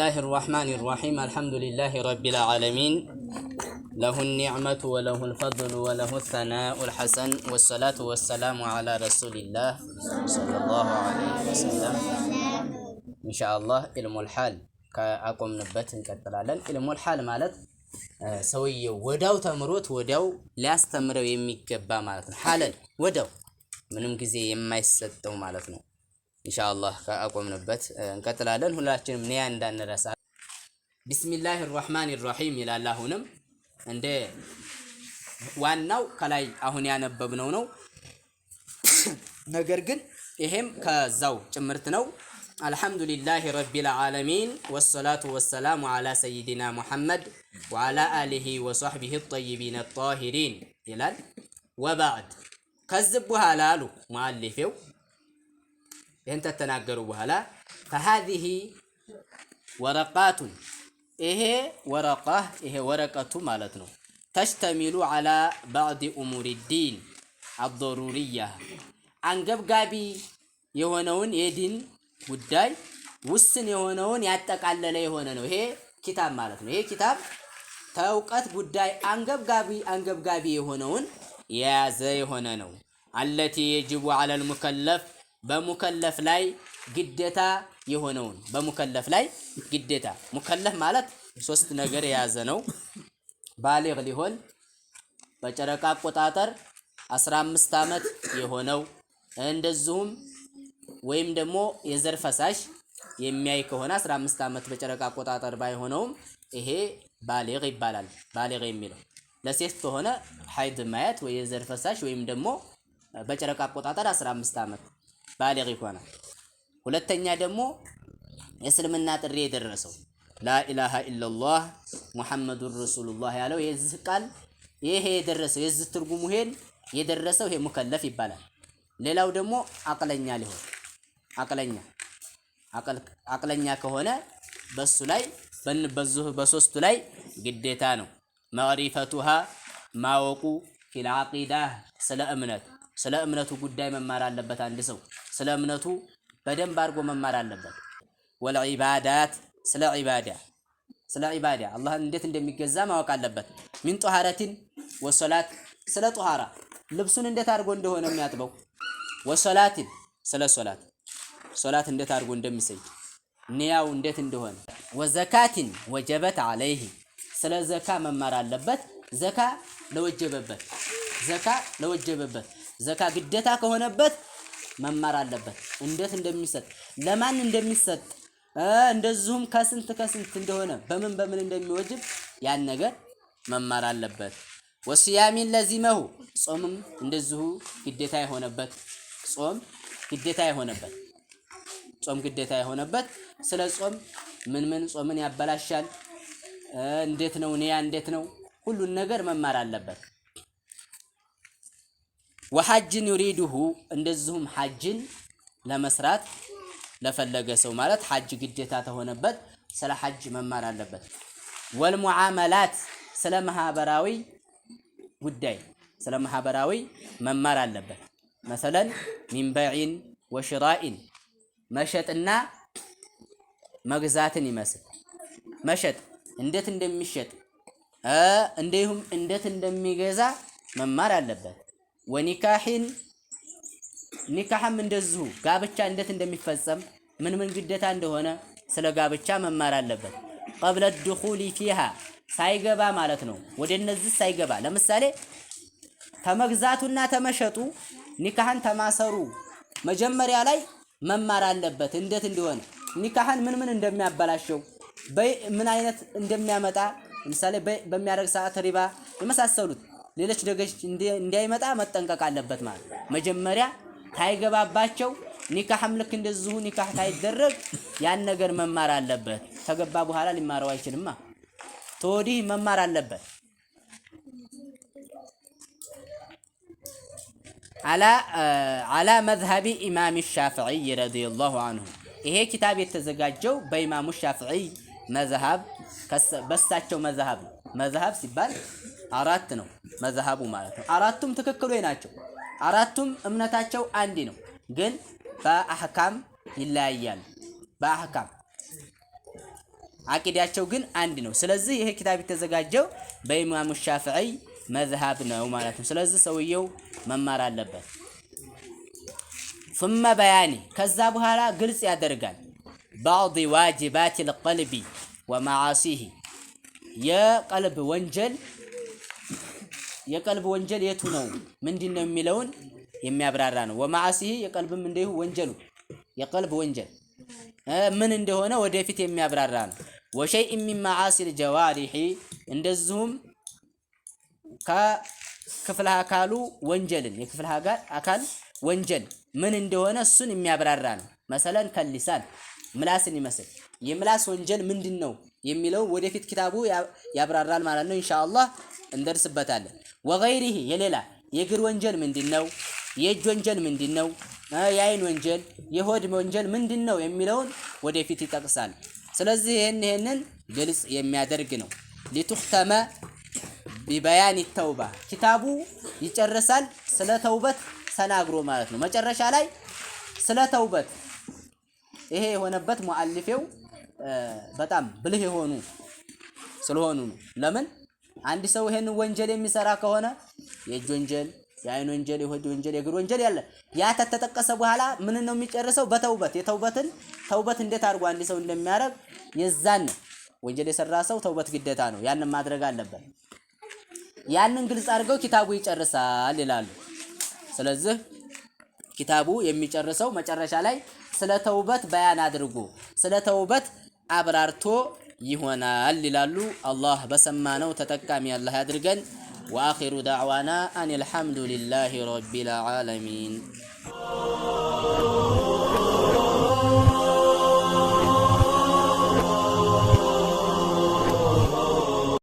الله الرحمن الرحيم الحمد لله رب العالمين له النعمة وله الفضل وله الثناء الحسن والصلاة والسلام على رسول الله صلى الله عليه وسلم إن شاء الله علم الحال كأقوم نبت እንቀጥላለን علم الحال ማለት ሰውየው ወዳው ተምሮት لا استمر የሚገባ ማለት ነው ሐለል ወዳው ምንም ጊዜ የማይሰጠው يستو ነው ኢንሻአላህ ከአቆምንበት እንቀጥላለን። ሁላችንም ንያ እንዳንረሳ። ቢስሚላህ ራህማን ራሒም ይላል። አሁንም እንደ ዋናው ከላይ አሁን ያነበብነው ነው። ነገር ግን ይሄም ከዛው ጭምርት ነው። አልሐምዱሊላህ ረቢል ዓለሚን ወሰላቱ ወሰላሙ ዓላ ሰይዲና ሙሐመድ ወዓላ አሊሂ ወሶሕቢሂ ጠይቢን ጣሂሪን ይላል። ወባዕድ ከዚህ በኋላ አሉ ሙአሊፌው ይህን ተተናገሩ በኋላ ፈሃዚህ ወረቃቱን ይሄ ወረቃ ይሄ ወረቀቱ ማለት ነው። ተሽተሚሉ አላ ባዕድ እሙር ዲን አضሩርያ አንገብጋቢ የሆነውን የዲን ጉዳይ ውስን የሆነውን ያጠቃለለ የሆነ ነው። ይሄ ኪታብ ማለት ነው። ይሄ ኪታብ ከእውቀት ጉዳይ አንገብጋቢ አንገብጋቢ የሆነውን የያዘ የሆነ ነው። አለቲ የጅቡ አለል ሙከለፍ በሙከለፍ ላይ ግዴታ የሆነውን በሙከለፍ ላይ ግዴታ ሙከለፍ ማለት ሶስት ነገር የያዘ ነው። ባሊግ ሊሆን በጨረቃ አቆጣጠር 15 ዓመት የሆነው እንደዚሁም ወይም ደግሞ የዘር ፈሳሽ የሚያይ ከሆነ 15 ዓመት በጨረቃ አቆጣጠር ባይሆነውም ይሄ ባሊግ ይባላል። ባሊግ የሚለው ለሴት ከሆነ ሀይድ ማየት ወይ የዘር ፈሳሽ ወይም ደግሞ በጨረቃ አቆጣጠር 15 ዓመት ባሊግ ይሆናል። ሁለተኛ ደግሞ የእስልምና ጥሪ የደረሰው ላኢላሃ ኢለላህ ሙሐመዱን ረሱሉላህ ያለው የዚህ ቃል ይሄ የደረሰው የዚህ ትርጉሙ ይሄን የደረሰው ይሄ ሙከለፍ ይባላል። ሌላው ደግሞ አቅለኛ ሊሆን አቅለኛ አቅለኛ ከሆነ በሱ ላይ በሶስቱ ላይ ግዴታ ነው መሪፈቱሃ ማወቁ ፊል ስለ እምነት ስለ እምነቱ ጉዳይ መማር አለበት። አንድ ሰው ስለ እምነቱ በደንብ አድርጎ መማር አለበት። ወልዒባዳት ስለ ዒባዳ ስለ ዒባዳ አላህን እንዴት እንደሚገዛ ማወቅ አለበት። ሚን ጦሃረቲን ወሶላት ስለ ጦሃራ ልብሱን እንዴት አድርጎ እንደሆነ የሚያጥበው፣ ወሶላትን ስለ ሶላት ሶላት እንዴት አድርጎ እንደሚሰይድ ንያው እንዴት እንደሆነ፣ ወዘካትን ወጀበት አለይህ ስለ ዘካ መማር አለበት። ዘካ ለወጀበበት ዘካ ለወጀበበት ዘካ ግዴታ ከሆነበት መማር አለበት፣ እንዴት እንደሚሰጥ ለማን እንደሚሰጥ እንደዚሁም ከስንት ከስንት እንደሆነ በምን በምን እንደሚወጅብ ያን ነገር መማር አለበት። ወስያሚን ለዚመሁ ጾምም እንደዚሁ ግዴታ የሆነበት ጾም ግዴታ የሆነበት ጾም ግዴታ የሆነበት ስለ ጾም ምን ምን ጾምን ያበላሻል፣ እንዴት ነው ንያ፣ እንዴት ነው ሁሉን ነገር መማር አለበት። ወሐጅን ዩሪዱሁ እንደዚሁም ሐጅን ለመስራት ለፈለገ ሰው ማለት ሐጅ ግዴታ ተሆነበት ስለ ሐጅ መማር አለበት። ወልሙዓመላት ስለ ማህበራዊ ጉዳይ ስለ ማህበራዊ መማር አለበት። መሰለን ሚን በይዕን ወሽራኢን መሸጥና መግዛትን ይመስል መሸጥ እንዴት እንደሚሸጥ እንዲሁም እንዴት እንደሚገዛ መማር አለበት። ወኒካሂን ኒካህም እንደዚሁ ጋብቻ እንዴት እንደሚፈጸም ምን ምን ግዴታ እንደሆነ ስለ ጋብቻ መማር አለበት። ቀብለ ድኹሊ ፊሃ ሳይገባ ማለት ነው። ወደ እነዚህ ሳይገባ ለምሳሌ ተመግዛቱና ተመሸጡ ኒካህን ተማሰሩ መጀመሪያ ላይ መማር አለበት እንዴት እንደሆነ ኒካህን ምን ምን እንደሚያበላሸው በምን አይነት እንደሚያመጣ ለምሳሌ በሚያደርግ ሰዓት ሪባ የመሳሰሉት ሌሎች ነገሮች እንዳይመጣ መጠንቀቅ አለበት ማለት ነው። መጀመሪያ ታይገባባቸው ኒካህም ልክ እንደዚሁ ኒካህ ታይደረግ ያን ነገር መማር አለበት። ተገባ በኋላ ሊማረው አይችልማ። ተወዲህ መማር አለበት። አላ መዝሀቢ ኢማም ሻፍዒይ ረዲየላሁ አንሁ ይሄ ኪታብ የተዘጋጀው በኢማሙ ሻፍዒይ መዝሀብ በሳቸው መዝሀብ ነው። መዝሀብ ሲባል አራት ነው። መዝሀቡ ማለት ነው። አራቱም ትክክል ናቸው። አራቱም እምነታቸው አንድ ነው፣ ግን በአህካም ይለያያሉ። በአህካም አቂዳቸው ግን አንድ ነው። ስለዚህ ይሄ ኪታብ የተዘጋጀው በኢማሙ ሻፍዒ መዝሀብ ነው ማለት ነው። ስለዚህ ሰውየው መማር አለበት። ሱመ በያኒ ከዛ በኋላ ግልጽ ያደርጋል ባዕድ ዋጅባት ልቀልቢ ወመዓሲሂ የቀልብ ወንጀል የቀልብ ወንጀል የቱ ነው ምንድን ነው የሚለውን የሚያብራራ ነው። ወማዓሲሂ የቀልብም እንዲሁ ወንጀሉ የቀልብ ወንጀል ምን እንደሆነ ወደፊት የሚያብራራ ነው። ወሸይእ ሚን መዓሲል ጀዋሪሒ እንደዚሁም ከክፍለ አካሉ ወንጀልን የክፍለ አካል ወንጀል ምን እንደሆነ እሱን የሚያብራራ ነው። መሰለን ከሊሳን ምላስን ይመስል የምላስ ወንጀል ምንድን ነው የሚለው ወደፊት ኪታቡ ያብራራል ማለት ነው። ኢንሻአላህ እንደርስበታለን። ወገይሪሂ የሌላ የእግር ወንጀል ምንድነው? የእጅ ወንጀል ነው የአይን ወንጀል፣ የሆድ ወንጀል ምንድነው የሚለውን ወደፊት ይጠቅሳል። ስለዚህ ይሄን ይሄንን ግልጽ የሚያደርግ ነው። ሊቱክተመ ቢበያን ተውባ ኪታቡ ይጨርሳል። ስለ ተውበት ተናግሮ ማለት ነው። መጨረሻ ላይ ስለ ተውበት ይሄ የሆነበት ሙአልፌው በጣም ብልህ የሆኑ ስለሆኑ ነው። ለምን አንድ ሰው ይሄን ወንጀል የሚሰራ ከሆነ የእጅ ወንጀል፣ የአይን ወንጀል፣ የሆድ ወንጀል፣ የእግር ወንጀል ያለ ያ ተጠቀሰ በኋላ ምን ነው የሚጨርሰው? በተውበት የተውበትን ተውበት እንዴት አድርጎ አንድ ሰው እንደሚያደርግ የዛን ወንጀል የሰራ ሰው ተውበት ግዴታ ነው። ያንን ማድረግ አለበት። ያንን ግልጽ አድርገው ኪታቡ ይጨርሳል ይላሉ። ስለዚህ ኪታቡ የሚጨርሰው መጨረሻ ላይ ስለ ተውበት በያን አድርጎ ስለ ተውበት أبرارتو يهونا اللي الله بسمانا وتتكامي الله هادرقن وآخر دعوانا أن الحمد لله رب العالمين Oh